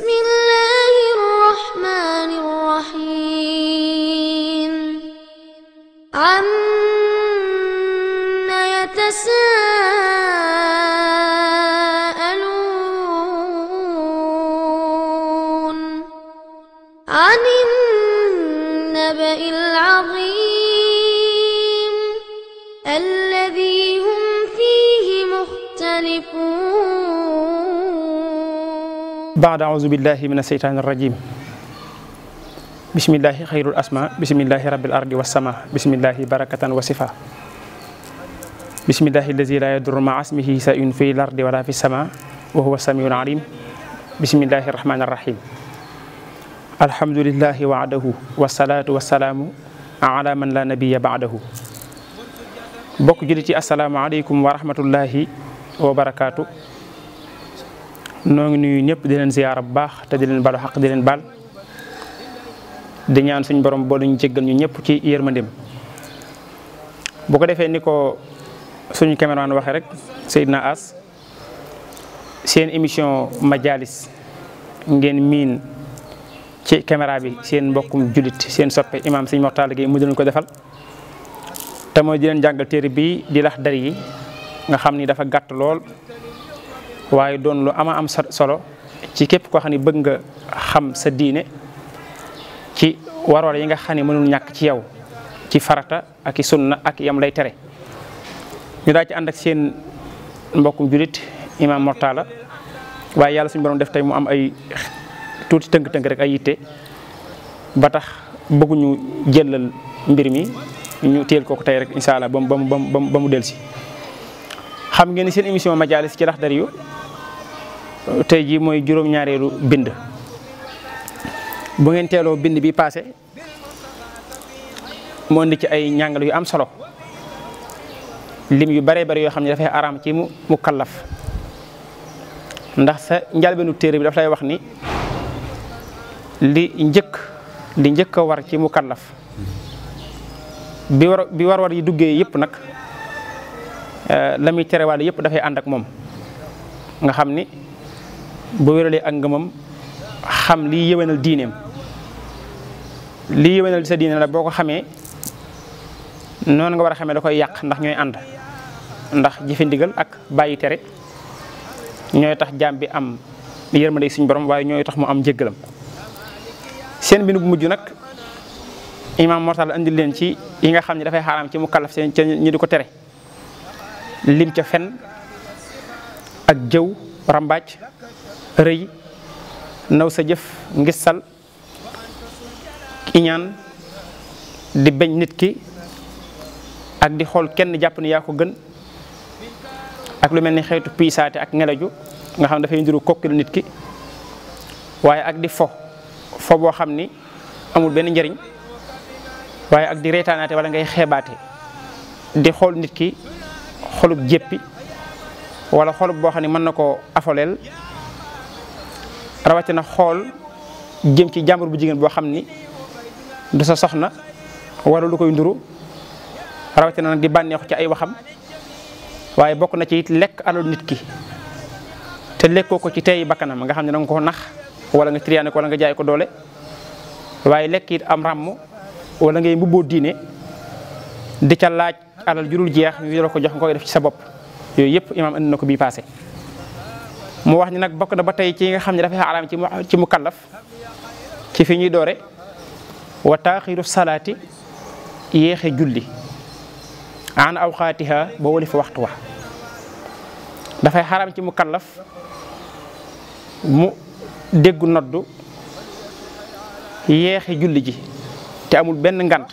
me بعد أعوذ بالله من الشيطان الرجيم بسم الله خير الأسماء بسم الله رب الأرض والسماء بسم الله بركة وصفة بسم الله الذي لا يضر مع اسمه شيء في الأرض ولا في السماء وهو السميع العليم بسم الله الرحمن الرحيم الحمد لله وعده والصلاة والسلام على من لا نبي بعده بوك السلام عليكم ورحمة الله وبركاته noo ngi nuyu ñëpp di leen siyaara bu baax te di leen balu xaq di leen baal di ñaan suñ borom boo luñu jéggal ñu ñëpp ci yërmandim bu ko defee ni ko suñu caméraman waxe rek na As seen émission Majalis ngeen miin ci camera bi seen mbokkum julit seen soppe imaam Sëñ Mokhtar Gueye mu di leen ko defal te mooy di leen jàngal téere bii di lax dar yi nga xam ni dafa gàtt lool waye don lu ama am solo ci kep ko xani bëgg nga xam sa diine ci warol yi nga xani mënul ñak ci yow ci farata ak sunna ak yam lay téré ñu da ci and ak seen mbokum julit imam mortala waye yalla suñu borom def tay mu am ay tuuti teunk teunk rek ay yitte ba tax bëgguñu jëlal mbir mi ñu téel ko tay rek inshallah bam bam bam bam mu del ci xam ngeen seen émission majalis ci dar yu tey jii mooy juróom-ñaareelu bind bu ngeen telo bind bi passé mo ndi ci ay ñangal yu am solo lim yu bare bare yo xamni da fay aram ci mu kallaf ndax sa njalbenu téere bi daf fay wax ni li ñeuk li ñeuk war ci mu kallaf bi war bi war war yi nak euh lamuy téré muy yépp da fay and ak mom nga xamni bu wéralee ak ngëmam xam lii yëwénal diineem liy yëwénal sa diine la boo ko xamee noonu nga war a xamee da koy yàq ndax ñooy ànd ndax jëfe ndigal ak bàyyi tere ñooy tax jaam bi am yërmande suñ borom waaye ñooy tax mu am njëggalam seen bi bu mujj nag imaam mortal andil leen ci yi nga xam ne dafay xaaraam ci mu kallaf seen ca ñu di ko tere lim ca fen ak jëw rambaaj rëy naw sa jëf ngistal iñaan di bañ nit ki ak di xool kenn jàpp ni yaa ko gën ak lu mel ni xeetu piisaate ak ngelaju nga xam dafay ndiru kokkil nit ki waaye ak di fo fo boo xam ni amul benn njariñ waaye ak di reetaanaate wala ngay xeebaate di xool nit ki xolub jéppi wala xolub boo xam ne mën na koo afoleel na xol jëm ci jàmbur bu jigen bo xamni du sa soxna wala lu koy nduru na nak di ci ay waxam waye bokk na ci it lekk alal nit ki te lekkoo ko ci tey bakanam nga xamni nang ko nax wala nga triyaane ko wala nga jaay ko dole waye lek it am ram wala ngay mbubboo diine di ca laaj alal jurul jeex ñu la ko jox ngoy def ci sa bop yoy yep imam an nako bi passé mu wax ni nag bokk na ba tey ci nga xam ne dafay xaraam ci ci mu kallaf ci fi ñuy doore wa taaxiru salaati yéexe julli an awqaatiha ba wali fa waxtu wa dafay xaraam ci mu kallaf mu déggu noddu yéexe julli ji te amul benn ngant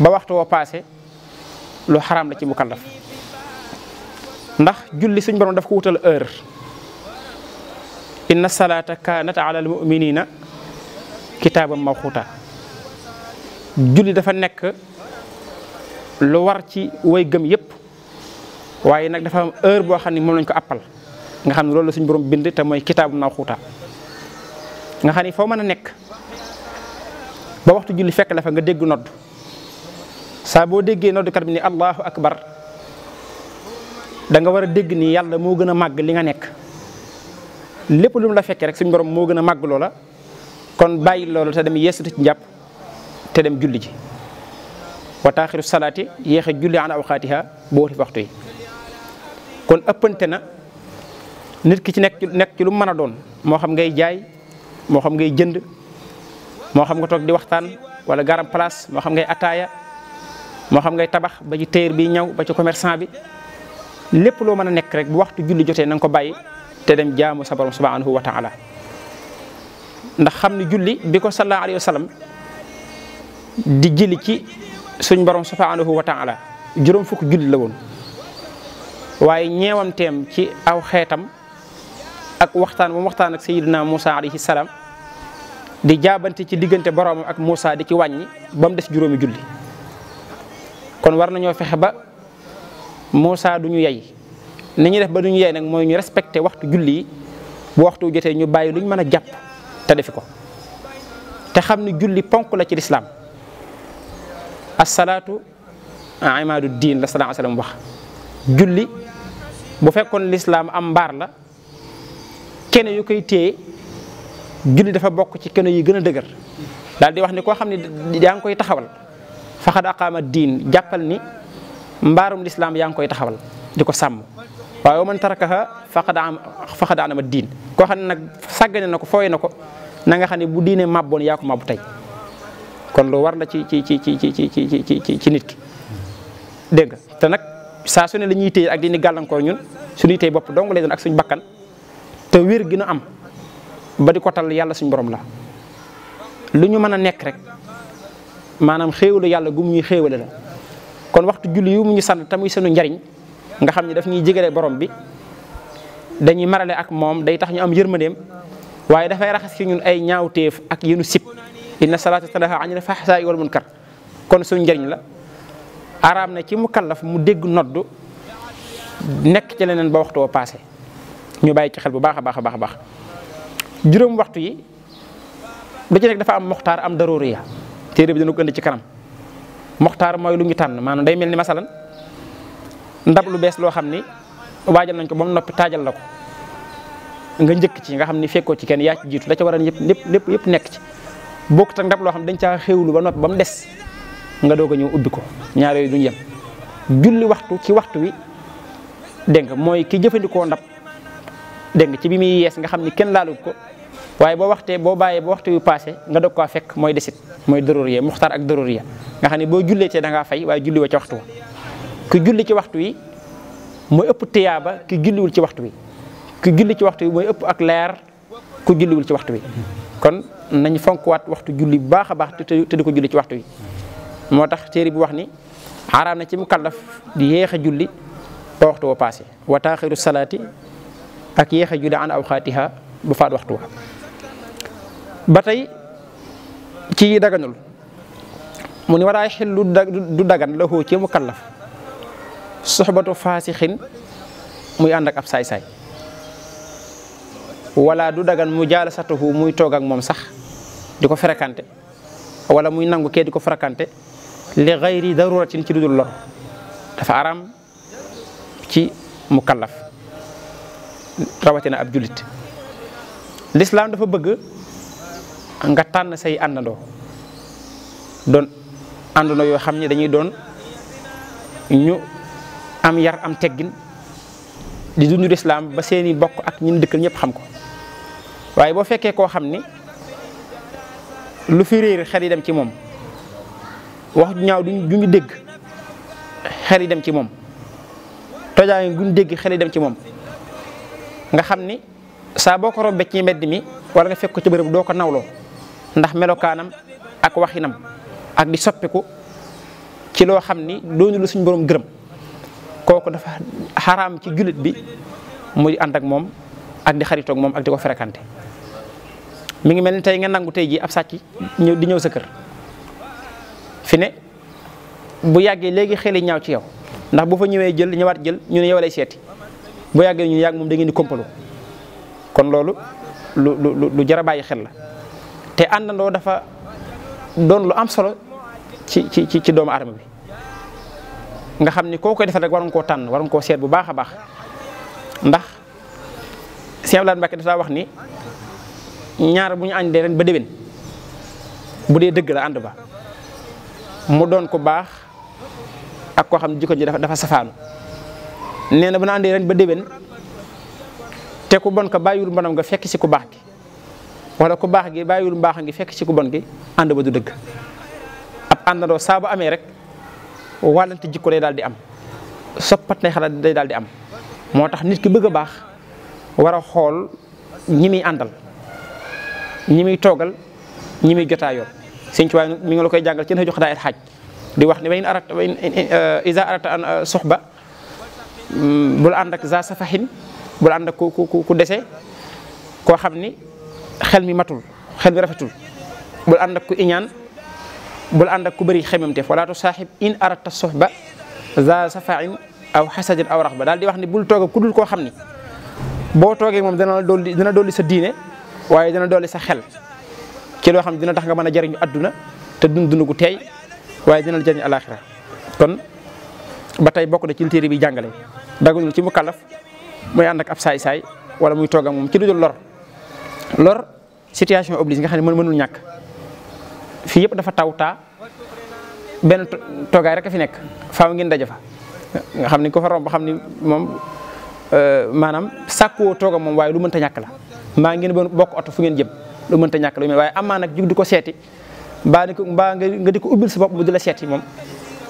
ba waxtu wa paase lu xaram la ci mu kallaf ndax julli suñ borom daf ko wutal heure inna salaata kaanat ala al muminina kitaaban mawxuta julli dafa nekk lu war ci way gëm yëpp waaye nag dafa am heure boo xam ne moom lañ ko appal nga xam ne loolu la suñ borom bind te mooy kitaabu mawxuta nga xam ne foo mën a nekk ba waxtu julli fekk la fa nga dégg nodd saa boo déggee noddkat bi ni allahu akbar danga war a dégg ni yàlla moo gën a màgg li nga nekk lépp lu la fekkee rek suñu borom moo gën a màgg loola kon bàyyi loola te dem yeesatu ci njàpp te dem julli ji wa taaxiru salaati yéex a julli an awqaatiha boo wati waxtu yi kon ëppante na nit ki ci nekk nekk ci lu mën a doon moo xam ngay jaay moo xam ngay jënd moo xam nga toog di waxtaan wala garam place moo xam ngay ataaya moo xam ngay tabax ba ci téer bi ñaw ba ci commerçant bi lepp lo meuna nek rek bu waxtu julli jotee nang ko bayyi té dem jaamu sa borom subhanahu wa taala ndax xamni julli biko sallallahu alayhi wasallam di jëli ci suñ borom subhanahu wa taala juróom fuk julli la waye ñewam tém ci aw xétam ak waxtaan mu waxtaan ak sayyidina Musa alayhi Salam di jabanti ci digënté borom ak musa di ci wañi bam mu des julli kon war nañu Moussa du ñu yey ni ñuy def ba du ñu yey nag mooy ñu respecté waxtu julli yi bu waxtu jotee ñu bàyyi lu ñu mën a jàpp te defi ko te xam ni julli ponk la ci lislaam asalaatu imaadu diin la salaa salaam wax julli bu fekkoon lislaam am mbaar la kene yu koy téye julli dafa bokk ci kene yi gën a dëgër daal di wax ni koo xam ne yaa ngi koy taxawal faxad aqaama diin jàppal ni mbarum l'islam yang koy taxawal diko sam sàmm waaye man tarakaha faqad am faqad anama diin koo xam ne nag sàggane na ko na nga xam bu dine mabbon ya ko mabbu tay kon lo war na ci ci ci ci ci ci ci ci ci nit ki dégg te nak sa sunu ne la ñuy téye ak dini galan ko ñun sunu tey bop dong lay don ak suñu bakkan te wir gi nu am ba di ko tal yalla suñu borom la luñu mëna nek rek manam xewlu yalla gum ñuy xéewale la kon waxtu julli yu mu ñu sant tamuy sunu njariñ nga xam ne daf ñuy jigale borom bi dañuy marale ak moom day tax ñu am yërmandeem waaye dafay raxas ci ñu ay ñaawteef ak yenu sib inna salaata tanha anil fahsaa'i wal munkar kon suñu njariñ la araam na ci mu kallaf mu dégg nodd nekk ci leneen ba waxtu woo paase ñu bàyyi ci xel bu baax a baax a baax a baax juróom waxtu yi ba ci nekk dafa am muxtaar am daruriya téere bi dana ko ënd ci kanam muxtaar mooy lu ñu tànn maanaam day mel ni masalan ndab lu bees loo xam ni waajal nañ ko ba noppi taajal la ko nga njëkk ci nga xam ni fekkoo ci kenn yaa ci jiitu la ca waral yëpp lépp lépp nekk ci bokkut ak ndab loo xam dañ caa xéwlu ba noppi ba mu des nga doog a ñëw ubbi ko ñaar yooyu duñ yem julli waxtu ci waxtu wi dégg nga mooy ki jëfandikoo ndab dégg nga ci bi muy yees nga xam ni kenn laalu ko waaye bo waxtee bo bàyyee bo waxtu yu passé nga do ko fekk mooy desit mooy daruriya muxtar ak daruriya nga xani bo boo ci da nga fay waaye julli wa ci waxtu ku julli ci waxtu yi moy ëpp tiyaba ki wul ci waxtu yi ku julli ci waxtu yi moy ëpp ak lèr ku wul ci waxtu yi kon nañ wat waxtu julli baaxa baax te te diko julli ci waxtu yi motax téré bi wax ni haram na ci mu di yéex julli ba waxtu wa passé wa takhiru salati ak yéex julli an awqatiha bu faat waxtu batay, ci daganul mu wara waraa xillu du dagan la xoo ci mukallaf kallaf fasikhin muy andak ab say say wala du dagan mujalasatuhu muy toog ak mom sax diko wala muy nangou ke diko ko li gayri daruratin ci dudul lor dafa aram ci mukallaf rawatina ab julit l'islam dafa bëgg nga tànn say àndandoo doon àndandoo yoo xam ne dañuy doon ñu am yar am teggin di du lislaam ba seeni bokk ak ñu dëkkal ñëpp xam ko waaye boo fekkee koo xam ni lu fi réer xel yi dem ci moom wax ñaaw duñ duñu dégg xel yi dem ci moom tojaay duñ dégg xel dem ci moom nga xam ni saa boo ko rombee ci mbedd mi wala nga fekk ko ci bërëb doo ko nawloo ndax melokaanam ak waxinam ak di soppiku ci loo xam ni doonu lu suñ borom gërëm kooku dafa xaraam ci jullit bi muy ànd ak moom ak di xaritoog moom ak di ko fréquenté mi ngi mel ni tey nga nangu tey jii ab sàcc ñëw di ñëw sa kër fi ne bu yàggee léegi xeli ñaaw ci yow ndax bu fa ñëwee jël ñëwaat jël ñu ne yow lay seeti bu yàggee ñu yàgg moom da di kompaloo kon loolu lu lu lu jar a bàyyi xel la te andando dafa don lu am solo ci ci ci doomu aadama bi nga xamni koku defal rek waron ko tan waron ko set bu baakha a bah ndax cheikh Abdoulaye mbake dafa wax ni ñaar buñu ñu àndee ren ba déwén bu dee dëgg la and ba mu don ko bax ak ko xamni ji dafa dafa safaanu neena buñu bu ren ba déwén te ku bon ko bayul mbonam nga fekk ci ku baax wala ku baax gi bàyyiwul mbaax ngi fekk ci ku bon gi ànd ba du dëgg ab àndandoo saa bu amee rek wàllante jikko day daal di am soppat nay xalaat day daal di am moo tax nit ki bëgg a baax war a xool ñi muy àndal ñi muy toogal ñi muy jotaayoon sëñ Tuubaa mi ngi la koy jàngal ci na jox daay xaaj di wax ne wayn arat wayn isa uh, arata an uh, soxba mm, bul ànd ak za safahin ku dese koo xam ni xel mi matul xel mi rafetul bul ànd ku iñaan bul ànd ak ku bëri xememteef wala tu saaxib in arata soxba za safain aw xasadin aw ba daal di wax ni bul toog ku dul koo xam ni boo toogee moom dana dolli dina dolli sa diine waaye dina dolli sa xel ci loo xam ne dina tax nga mën a jariñu adduna te dund dund gu teey waaye dina la jariñ alaxira kon ba tey bokk na ci téere bi jàngale daguñul ci mu kàllaf muy ànd ak ab saay-saay wala muy toog ak moom ci lu dul lor situation oblige nga xamni ne mën mënul ñàkk fii yëpp dafa tawta ben togay rek fi nek faaw ngeen daje fa nga xamni ko fa romb xamni mom euh manam sakku toga mom way lu mën ta ñak la ma ngeen bon bok auto fu ngeen jëm lu mën ta ñak lu waaye amaa nag jug di ko seeti mbaa ni ko ba nga di ko ubbil sa bop bu di séti mom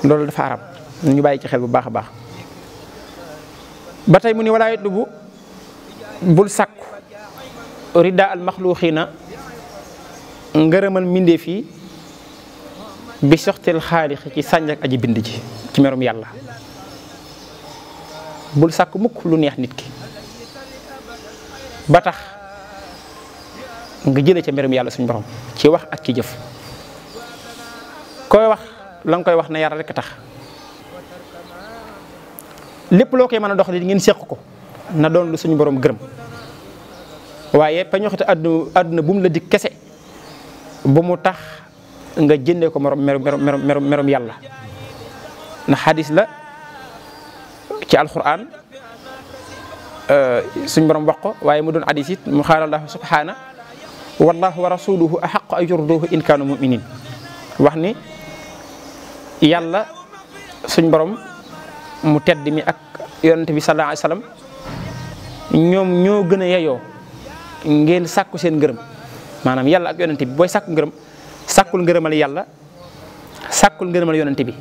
moom dafa arab ñu bayyi ci xel bu baax baax batay mu ni wala lu bu bul sak rida al maxluuqiina ngërëmal mbindeef yi bi soxteel xaalix ci sànj ak aji bind ji ci merum yàlla bul sàkk mukk lu neex nit ki ba tax nga jëlee ci merum yàlla suñ borom ci wax ak ci jëf koy wax la koy wax na yàlla rek tax lépp loo koy mën a dox li ngeen séq ko na doon lu suñu borom gërëm waaye pañoxte àdduna àdduna bu mu la dik kese ba mu tax nga jënde ko merom merom merom yàlla ndax xadis la ci alquran euh, suñ borom wax waaye mu doon xadis it mu xaala allahu subhaana wallahu wa rasuluhu axaqu ay yurduhu in kaanu muminin wax ni yàlla suñ borom mu tedd mi ak yonente bi sallallahu ñoom ñoo gën a yeyoo ngeen sàkku seen ngërëm maanaam yàlla ak yonente bi booy sakk ngërëm sàkkul ngërëmal yàlla sàkkul ngërëmal yonente bi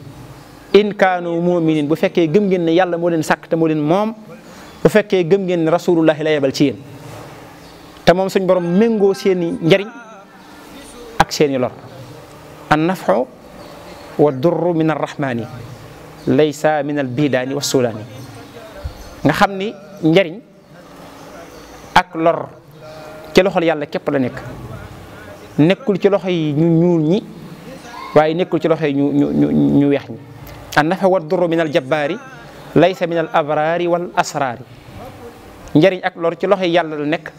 in kaanu muminin bu fekkee gëm ngeen ne yàlla moo leen sàkk te moo leen moom bu fekkee gëm ngeen ni rasulullahi la yebal ci yéen te moom suñ borom méngoo seeni njariñ ak seeni lor an nafxu wa durru min arrahmaani laysa min al bidaani wa sulaani nga xam ni njariñ ak lor ci loxol yalla kep la nek nekul ci loxo ñu ñuul ñi waye nekul ci loxo ñu ñu ñu weex ñi an nafa wa duru min al jabbaari laysa min al abraari wal asrar njariñ ak lor ci loxo yalla la nek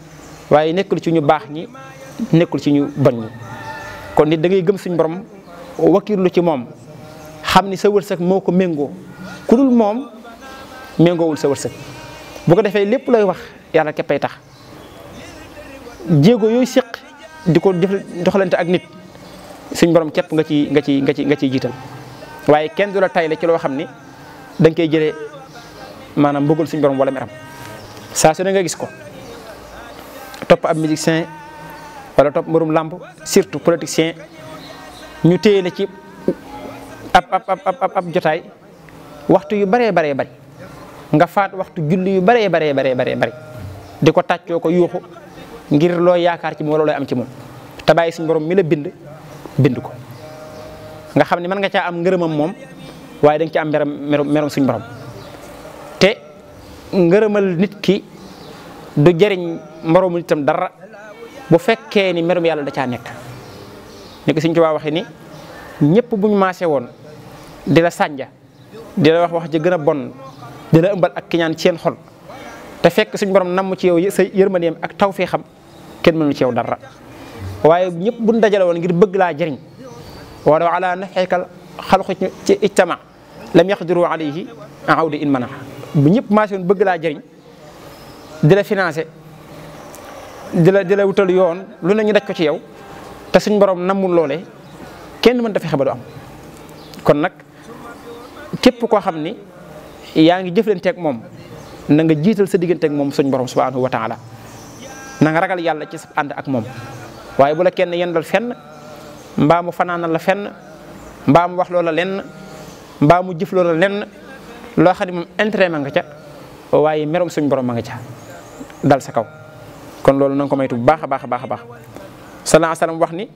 waye nekul ci ñu bax ñi nekul ci ñu bon ñi kon nit da ngay gëm suñ borom wakirlu ci mom xamni sa wërsek moko mengo kudul mom mengo wul sa wërsek bu ko defé lepp lay wax yalla kepay tax jéego yoy sekk di ko doxalante ak nit suñ borom kep nga ci nga ci nga ci nga ci jital waye kenn du la ci lo xamni dang kay nga manam bëggul suñ borom wala meram sa su nga gis ko top ab musicien wala top mbarum lamb surtout politicien ñu téye la ap ab ab ab ab jotay waxtu yu bare bare bare nga faat waxtu julli yu bare bare bare bare bare di taccio ko yuxu ngir lo yaakar ci mo lo lay am ci mom ta baye sun borom mi la bind bind ko nga xamni man nga caa am ngeureumam mom waye dang ci am meram meram sun borom te ngeureumal nit ki du jeriñ morom nitam dara bu fekke ni merum yalla da ca nek ni ko suñ tubaa ni ñepp buñu maase won di la dila di la wax wax ji gëna bon di la ëmbal ak kiñaan ci xol te fekk suñu borom nam ci yow sa ak tawfiixam kenn mënu ci yow dara waaye ñëpp bu ñu dajale woon ngir bëgg laa jëriñ wala ala naxeekal xalqu ci ijtama lam yaqdiru alayhi awdi in mana bu ñëpp maasé bëgg laa jëriñ di la financé di la di la wutal yoon lu ne ñu daj ko ci yow te suñ borom namul loolee kenn mën ta fexe ba du am kon nag képp koo xam ni yaa ngi jëflanteeg moom na nga jiital sa digganteeg moom suñ borom subhanahu wa taala na nga ragal yàlla ci sa ànd ak mom waye bu la kenn yendal fenn mbaa mu fanaanal la fenn mbaa mu wax loola lenn mbaa mu jif loola lenn loo xam ne moom intérêt ma nga ca waye merom suñu borom ma nga ca dal sa kaw kon lolu nang ko maytu bu baax a baax a baax a baax wax ni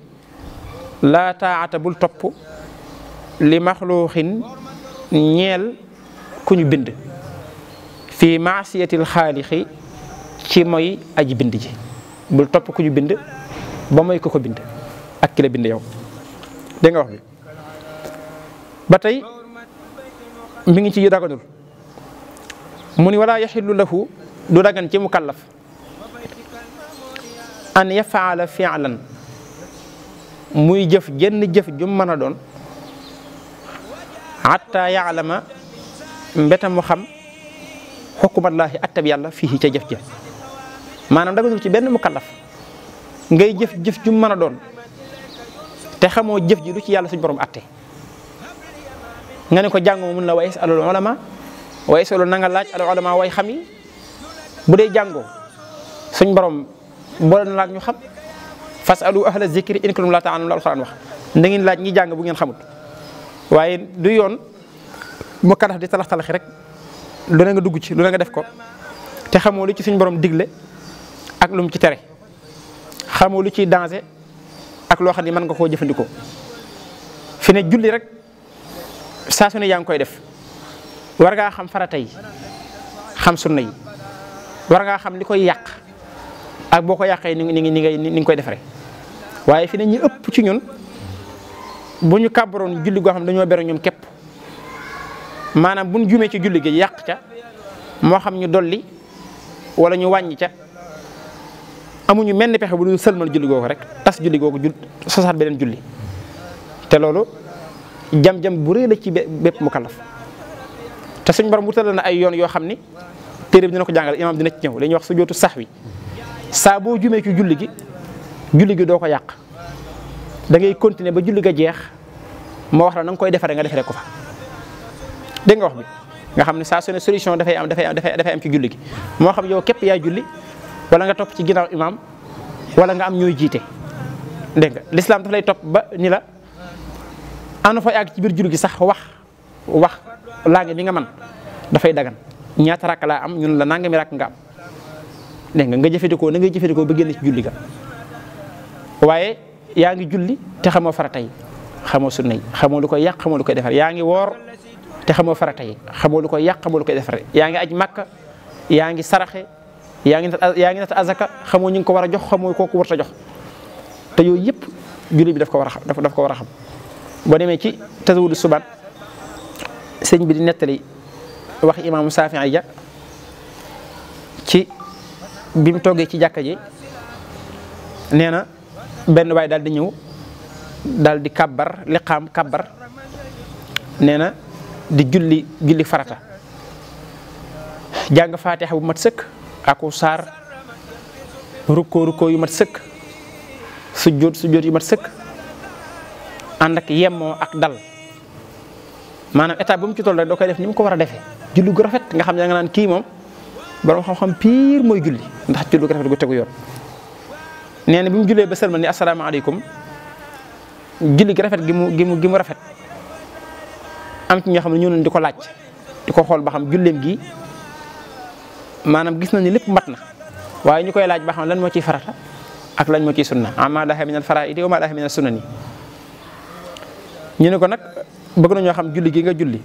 la taata bul top li makhluqin ñeel kuñu bind fi ma'siyatil khaliqi ci mooy aji bind ji bul topp ku bind ba mooy ko bind ak ki la bind yow dégg nga wax bi ba tey mi ngi ci daganul mu ni wala yaxillu lahu du dagan ci mu kàllaf an yafaala fialan muy jëf jenn jëf jum mën a doon xatta yaalama mbeta mu xam xukumallaahi attab yàlla fii ca jëf ja manam dagu ci benn mukallaf ngay jëf jëf ju mëna doon te xamoo jëf ji du ci yàlla suñ borom atté nga ne ko jànguma mën la wayes alul ulama wayes alul na nga laaj alul ulama way xam yi bu dee borom bo laaj ñu xam fas alu ahla zikri in kuntum la ta'lamun la alquran wax da ngeen laaj ñi jàng bu ngeen xamut waaye du yoon mu di talax talax rek lu ne nga dugg ci lu ne nga def ko te xamoo li ci suñ borom digle ak lu mu ci tere xamoo lu ciy danger ak loo xam ne mën nga koo jëfandikoo fi ne julli rek saa su yaa ngi koy def war ngaa xam farata yi xam sunna yi war ngaa xam ni koy yàq ak boo ko yàqee ni ni ngay ni nga koy defaree waaye fi ne ñu ëpp ci ñun bu ñu kàbbaroon julli goo xam dañoo bere ñum képp maanaam bu ñu juumee ci julli gi yàq ca moo xam ñu dolli wala ñu wàññi ca. amuñu mel menn pexe bu dul sëlmal julli googu rek tas julli googu jul sosaat beneen julli te loolu jam-jam bu rëy la ci bépp mu kallaf te suñ borom wutal na ay yoon yoo xam ni téere bi dina ko jàngale dina ci ñëw li wax su jootu sax wi saa boo jumee ci julli gi julli gi doo ko yàq da ngay continuer ba julli ga jeex moo wax na nga koy defaree nga defaree ko fa dégg nga wax bi nga xam ne saa su ne solution dafay am dafay am dafay am ci julli gi moo xam yow képp yaay julli wala nga top ci ginaaw imam wala nga am ñoy jité dégg l'islam da lay top ba ni la ana fa yàgg ci bir jul sax wax wax la nga nga man dafay dagan ñaata rak la am ñun la nangami rak nga am dégg nga nga jëfandikoo na yangi ba génn ci julli ga waaye yaa ngi julli te xamo farata yi xamo sunna yi xamoo lu ko yàq xamo lu ko defar yaa ngi te xamo farata yi xamo lu ko xamo lu ko defar aj makka yaa saraxe yaa ngi nat yaa ngi nat azaka xamoo ñu ngi ko war a jox xamoo kooku warta jox te yooyu yëpp jullit bi daf ko war a xam daf ko war a xam boo demee ci tasawudu subaat sëñ bi di nettali wax imaamu Saafi'i ja ci bi mu toggee ci jàkka ji nee na benn waay daal di ñëw daal di kàbbar liqaam kàbbar nee na di julli julli farata jàng faatiha bu mat sëkk aku sar ruko ruko yu mat sujud-sujud yu mat sëkk ànd ak yemmoo ak dal manam état bu mu ci tol rek dokay def nim ko wara a julu gu rafet nga xam nga nan ki mom borom xam-xam piir moy julli ndax julu gu rafet gu teggu yoon neena na bi mu jullee ba ni julli gu rafet gi mu gi rafet am ci nga xam ñu ba xam jullem gi maanaam gis nañu lépp mat na waaye ñu koy laaj ba xam lan moo ciy farata ak lañ moo ciy sunna amma daxe min al faraa'idi wa ma daxe min ñu ne ko nag bëgg nañoo xam julli gi nga julli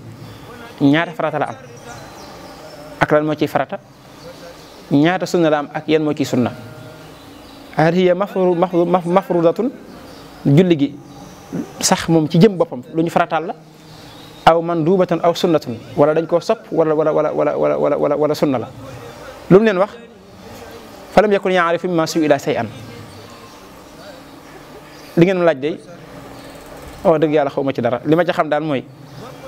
ñaata farata am ak lan moo ciy farata ñaata sunna la am ak yan moo ciy sunna hal hiya mafrudatun julli gi sax moom ci jëm boppam lu ñu farataal la aw man duubatan aw sunnatun wala dañ koo sopp wala wala wala wala wala wala sunna la lu mu leen wax falam yakun yaarifu mimma su'ila shay'an li ngeen laaj day wax dëgg yàlla xaw ma ci dara li ma ca xam daal mooy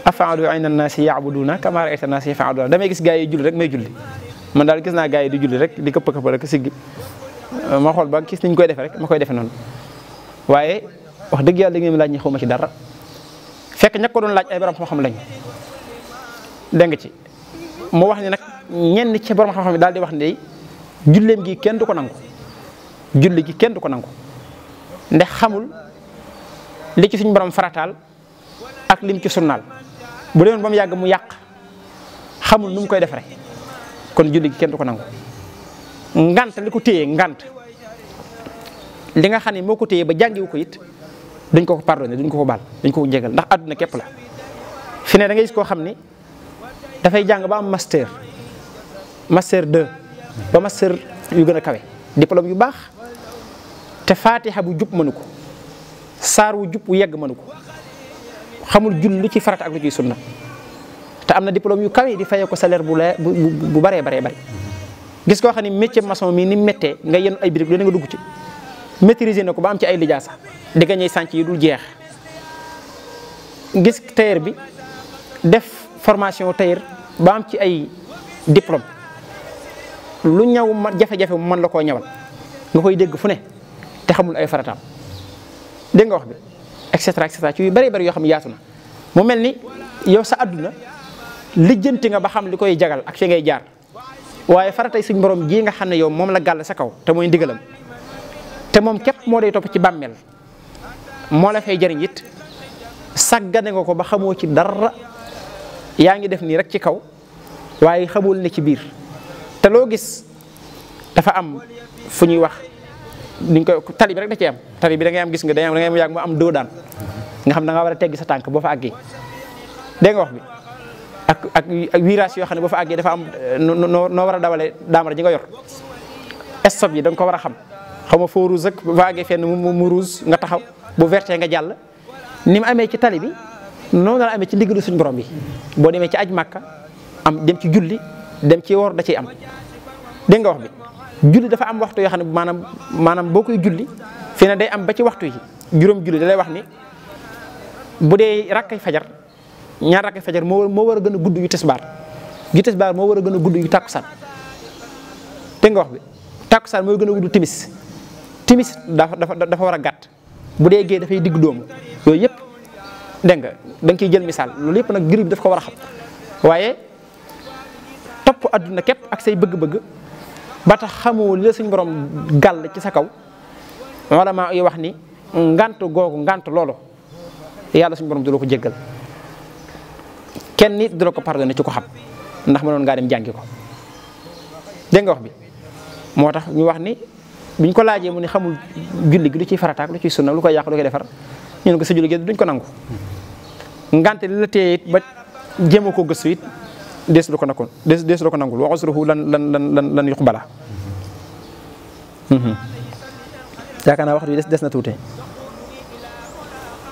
afaalu ayna naasi yaabuduna kama raayta naasi yafaaluna damay gis gaa yi julli rek may julli man daal gis naa gaa yi di julli rek di këpp këpp rek siggi ma xool ba gis niñ koy defe rek ma koy defe noonu waaye wax dëgg yàlla li ngeen laaj ñi xaw ma ci dara fekk ña ko doon laaj ay borom xam-xam lañ dégg ci mu wax ni nag ñenn ci borom xam-xam dal di wax ni jullem gi kenn du ko nangu julli gi kenn du ko nangu ndax xamul li ci suñu borom faratal ak lim ci sunnal bu leen ba yag mu yaq xamul num koy defare kon julli gi kenn du nangu ngant li ko ngant li nga xam moko teye ba jangi ko it duñ ko ko pardonné duñ ko ko baal duñ ko jégal ndax aduna kep la fi ne da ngay gis koo ba am master master 2 ba master yu gëna kawé kawe diplôme yu bax té fatiha bu jup mënu sar wu jup yegg mënu xamul jull lu ci farata ak lu ci sunna té amna diplôme yu kawe di fayé ko salaire bu bu bare bare bare gis ko xani mete métier maçon mi ni metté nga yenn ay birig dina nga dugg ci maîtriser nako ba am ci ay lidiasa di gagné sànc yu dul jeex gis tailleur bi def formation tailleur ba am ci ay diplôme lu ñaw man jafé jafe mu man la ko ñawal nga koy dégg fu né te xamul ay faratam dé nga wax bi et cetera et cetera ci yu bari bari yo xam yaatuna mu melni ni yow sa àdduna lijjanti nga ba xam likoy jagal ak fi ngay jaar waye faratay suñ borom gi nga xamne yow mom la gal sa kaw té moy ndigalam té mom képp mo day top ci bammel mo la fay jariñ yit nga ko ba xamoo ci dara yaangi def ni rek ci kaw waye xamul ni ci bir te loo gis dafa am fu ñuy wax ni nga koy tali rek da ci am tali bi da am gis nga da ngay am yàgg am doo daan nga xam da nga war a teggi sa tànk boo fa àggee wax bi ak ak ak virage yoo xam ne boo àggee dafa am eh, noo noo war a dawale daamara ji nga yor stop yi danga ko war a xam xaw ma foo rouge rek boo fa àggee fenn mu mu rouge nga taxaw bu verte nga jàll ni mu amee ci tali bi noonu la amee ci ndigalu suñu borom bi boo demee ci aj màkka am dem ci julli dem ci wor da ci am de nga wax bi julli dafa am waxtu yo xamne manam manam bokuy julli fi na day am ba ci waxtu yi jurom julli da lay wax ni budé rakay fajar ñaar rakay fajar mo mo wara gëna gën gudd yu tesbar yu tesbar mo wara gëna gudd yu takusan nga wax bi takusan mooy gëna timis timis dafa dafa dafa war a gàtt bu dee gee digg doomu yoy yëpp dégg nga dang nga ciy jël misal lolu nak ko wara xam top aduna kep ak say bëgg-bëgg ba tax xamoo li suñu borom gal ci sa kaw wala ma yi wax ni ngant gogu ngant lolo yalla suñu borom du ko jéggal kenn nit du ko pardonné ci ko xam ndax nga dem jangi ko de nga wax bi motax ñu wax ni biñ ko laaje mu ni xamul julli gi lu farata ak lu ci sunna lu ko yaq lu ko defar ñu ko sa julli gi duñ ko nangu ngant li la teyit ba jëmako dees du ko nakkoon dees dees du ko nangul wa usruhu lan lan lan lan lan yuqbala mhm. yaakaar naa waxtu yi des des na tuute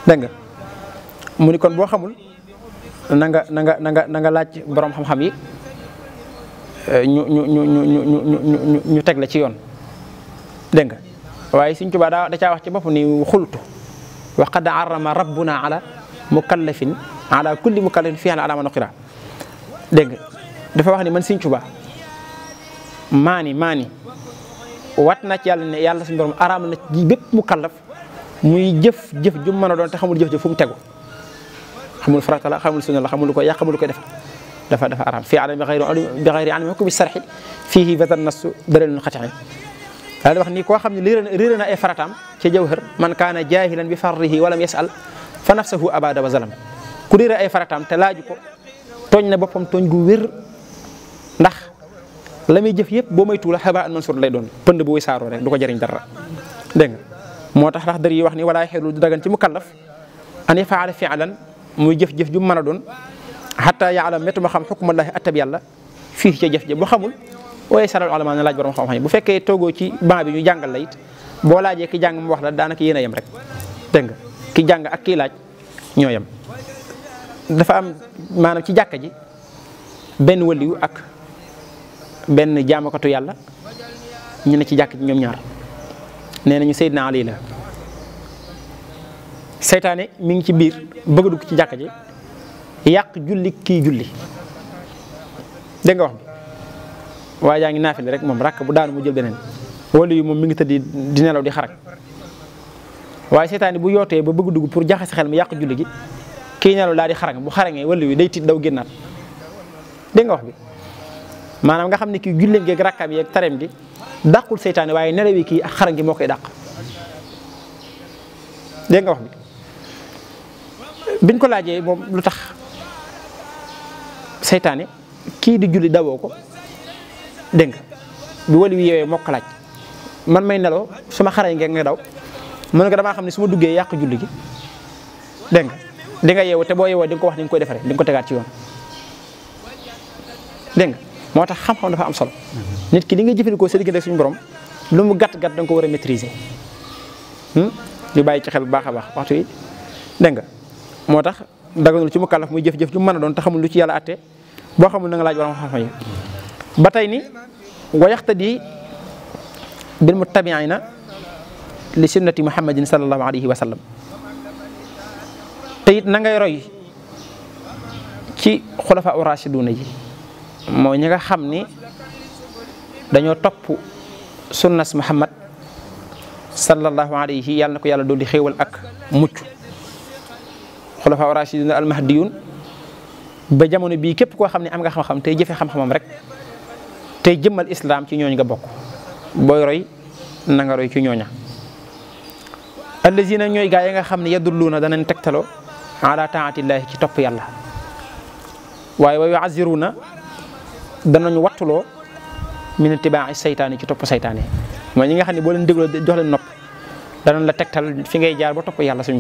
dégg nga mu ni kon boo xamul na nga na nga nga na laaj borom xam-xam yi eh, ñu ñu ñu ñu ñu ñu teg la ci yoon dégg nga waaye Sëriñ Tuubaa daa da caa wax ci bopp ni xultu wa qad arama rabbuna ala mukallafin ala kulli mukallafin fiha alama nuqira dégg dafa wax ni man Sëñ Tuubaa maani maani wat naa ci yàlla ne yàlla suñu borom araamal na ci bépp mu kallaf muy jëf jëf ju mën a doon te xamul jëf jëf fu mu tego xamul farata la xamul sunna la xamul ko koy yàq xamul lu koy def dafa dafa araam fii adam bi xayri bi xayri anam ko bi sarxi fii wetan nasu dalilun xatixi daal di wax ni koo xam ne réer na ay farataam ci jawhar man kaana jaahilan bi farrihi walam yasal fa nafsahu abada wa zalam ku réer ay farataam te laaju ko tooñ na boppam tooñ gu wér ndax la muy jëf yëpp boo may tuula xabaa an mansuur lay doon pënd bu wisaaroo rek du ko jëriñ dara dégg nga moo tax ndax dër yi wax ni walaay xelul du dagan ci mu kallaf an yafaala fi'lan muy jëf-jëf ju mën a doon xataa yaalam métu ma xam xukmallaahi attab yàlla fii ca jëf ja bu xamul waaye saral alama na laaj borom xam-xam bu fekkee toogoo ci ban bi ñu jàngal la boo laajee ki jàng mu wax la daanaka yéen a yem rek dégg nga ki jàng ak kii laaj ñoo yem dafa am maanaam ci jàkka ji benn waliyu ak benn jaamakatu yàlla ñu ne ci jàkk ji ñoom ñaar nee nañu Seydina lii la seytaane mi ngi ci biir bëgg a dugg ci jàkka ji yàq julli kii julli dégg nga wax bi waaye yaa ngi naafile rek moom rakk bu daanu mu jël beneen waliyu moom mi ngi tëdd di nelaw di xarak waaye seytaane bu yootee ba bëgg dugg pour jaxase xel mi yàq julli gi kii lo daal di xarang bu xarangee wala wi day tit daw génnaat de nga wax bi manam nga xamni ki kii julleem gi ak rakkaam yi ak tareem gi dakul setan waye nelaw yi kii ak xarang gi mokay dak de nga wax bi biñ ko laajee mom lutax tax ki di julli dawoo ko dégg nga bi wali wi yewé mok laaj man may nelo suma xarañ ngeen ngay daw man nga dama xamni suma duggé su julli gi deng di nga yeewu te boo yeewoo di nga ko wax ni ko koy defaree di ko tegaat ci yoon dégg nga moo tax xam-xam dafa am sol mm-hmm. nit ki li ngay jëfandikoo sa diggante suñu borom lu mu gàtt gat da ko war a maîtriser hmm? ñu bàyyi ci xel bu baax a baax waxtu yi dégg nga moo tax daganul ci mu kàllaf muy jëf-jëf ju mën a doon te xamul lu ci yàlla atte boo xamul na nga laaj borom xam-xam yi ba tey ni wa yaxtadi bil muttabiina li sunnati muhammadin sallallahu alayhi wa sallam te it na ngay roy ci khulafa u rashiduna yi mooy ñi nga xamni ni dañoo topp sunnas muhammad sallallahu alayhi yàlla nako yalla yàlla di ak mucc khulafa al mahdiyun ba jamono bi kep ko xamni am nga xam-xam tey jëfe xam-xamam rek tey jëmmal islam ci ñooñ nga bok boy roy na nga roy ci ñooña allazina ñoy gaay nga xamni yadulluna danañ tektalo ala taatillaahi ci topp yàlla waaye wa yuaziruna danañu wattuloo min itibaa'i saytaani ci topp saytaani mooy ñi nga xam ne boo leen dégloo jox leen nopp danañ la tegtal fi ngay jaar ba topp yàlla suñ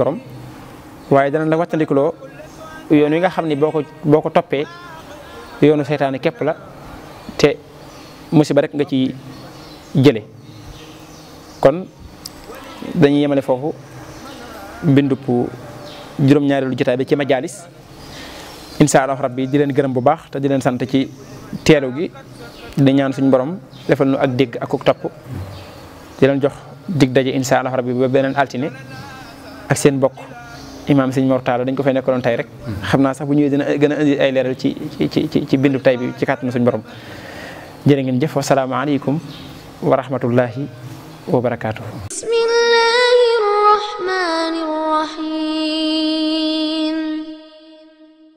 waaye danañ la wattandikuloo yoon wi nga xam ni boo ko boo ko toppee yoonu saytaani képp la te musiba rek nga ci jële kon dañuy yemale foofu mbindub juróom ñaareelu jotaay bi ci majalis incha allah rabbi di leen gërëm bu baax te di leen sant ci teelu gi di ñaan suñu borom defal nu ak dégg ak ak topp di leen jox dig daje incha allah rabbi ba beneen altine ak seen mbokk imaam sëñ Mortalo dañ ko fay nekkaloon tey rek xam naa sax bu ñëwee dina gën a indi ay leeral ci ci ci ci bindu tay bi ci kàttanu suñu borom jërë ngeen jëf wasalaamaaleykum wa rahmatullahi wa barakaatuhu. bismillahi rahmani rahim.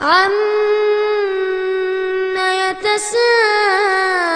عما يتساءلون